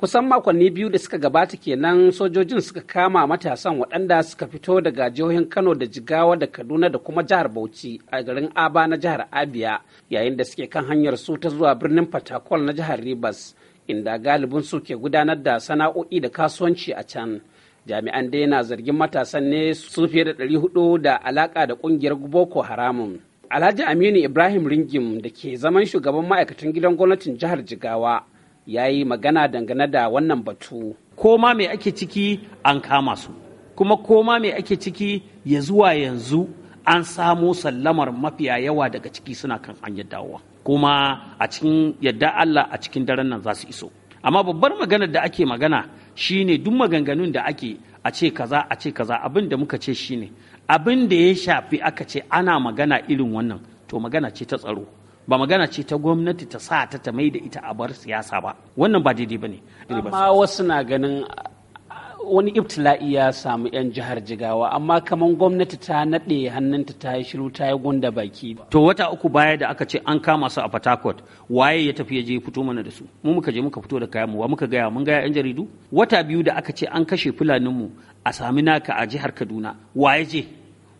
kusan makonni biyu da suka gabata kenan sojojin suka kama matasan waɗanda suka fito daga jihohin kano da jigawa da kaduna da kuma jihar bauchi a garin aba na jihar abia yayin da suke kan hanyar su ta zuwa birnin fatakol na jihar Ribas, inda galibin su ke gudanar da sana'o'i da kasuwanci a can jami'an dai na zargin matasan ne su fiye da ɗari hudu da alaƙa da ƙungiyar boko haramun alhaji aminu ibrahim ringim da ke zaman shugaban ma'aikatan gidan gwamnatin jihar jigawa ya yi magana dangane da wannan batu. Koma mai ake ciki an kama su, kuma koma mai ake ciki ya zuwa yanzu an samo sallamar mafiya yawa daga ciki suna kan hanyar dawowa. Kuma a cikin yadda Allah a cikin daren nan za su iso. Amma babbar maganar da ake magana shi ne duk maganganun da ake a ce kaza a ce kaza abin da muka ce shi ne, abin da ya shafi aka ce ana magana irin wannan to magana ce ta tsaro. ba magana ce ta gwamnati ta sa ta ta mai da ita a bar siyasa ba wannan ba daidai ba ne. amma wasu na ganin uh, wani ibtila'i ya samu 'yan jihar jigawa amma kamar gwamnati ta naɗe hannunta ta yi shiru ta yi gunda baki to wata uku baya da aka ce an kama su a Fatakwat waye ya tafi ya je fito mana da su mu muka je muka fito da kayan mu wa muka gaya mun gaya 'yan jaridu wata biyu da aka ce an kashe fulanin mu a sami naka a jihar kaduna waye je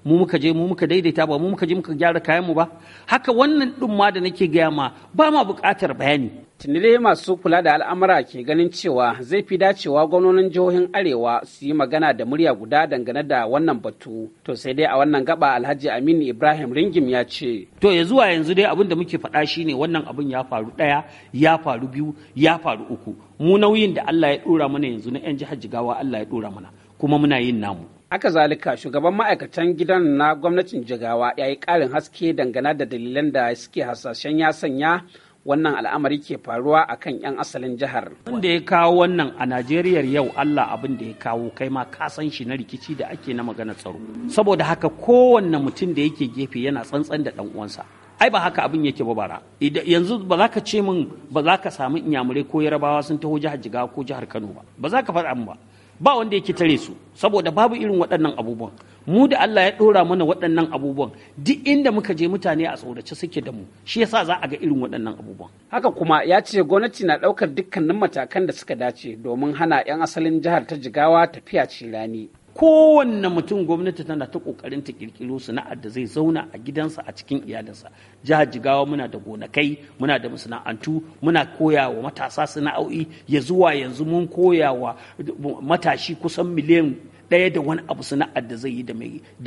mu muka je mu muka daidaita ba mu muka je muka gyara kayan mu ba haka wannan din ma da nake gaya ma ba ma buƙatar bayani tunile masu kula da al'amura ke ganin cewa zai fi dacewa gwamnonin jihohin arewa su yi magana da murya guda dangane da wannan batu to sai dai a wannan gaba alhaji aminu ibrahim ringim ya ce to ya zuwa yanzu dai abin da muke faɗa shine wannan abin ya faru ɗaya ya faru biyu ya faru uku mu nauyin da allah ya ɗora mana yanzu na 'yan jihar jigawa allah ya ɗora mana kuma muna yin namu Aka zalika shugaban ma'aikatan gidan na gwamnatin jigawa ya yi ƙarin haske dangane da dalilan da suke hasashen ya sanya wannan al'amari ke faruwa a kan 'yan asalin jihar. Wanda ya kawo wannan a Najeriya yau Allah abin da ya kawo kai ma kasan shi na rikici da ake na magana tsaro. Saboda haka kowanne mutum da yake gefe yana tsantsan da ɗan uwansa. ai ba haka abin yake ba bara yanzu ba za ka ce min ba za ka samu inyamurai ko yarabawa sun taho jihar jigawa ko jihar kano ba ba za ka faɗa min ba ba wanda yake tare su saboda babu irin waɗannan abubuwan mu da Allah ya ɗora mana waɗannan abubuwan duk inda muka je mutane a tsorace suke da mu shi yasa za a ga irin waɗannan abubuwan haka kuma ya ce gwamnati na ɗaukar dukkanin matakan da suka dace domin hana 'yan asalin jihar ta jigawa tafiya cirani kowanne mutum gwamnati tana ta kokarin ta kirkiro sana'ar da zai zauna a gidansa a cikin iyalinsa jihar jigawa muna da gonakai muna da masana'antu muna koya wa matasa sana'o'i ya zuwa yanzu mun koya wa matashi kusan miliyan ɗaya da wani abu sana'ar da zai yi da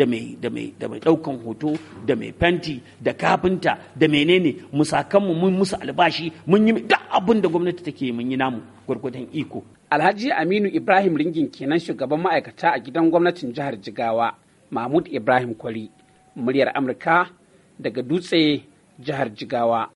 mai ɗaukan hoto da mai fenti da kafinta da menene musakanmu mun musu albashi mun yi duk abin da gwamnati take mun yi namu gwargwadon iko Alhaji Aminu Ibrahim Ringin kenan shugaban ma'aikata a gidan gwamnatin jihar Jigawa Mahmud Ibrahim Kwari muryar Amurka daga dutse jihar Jigawa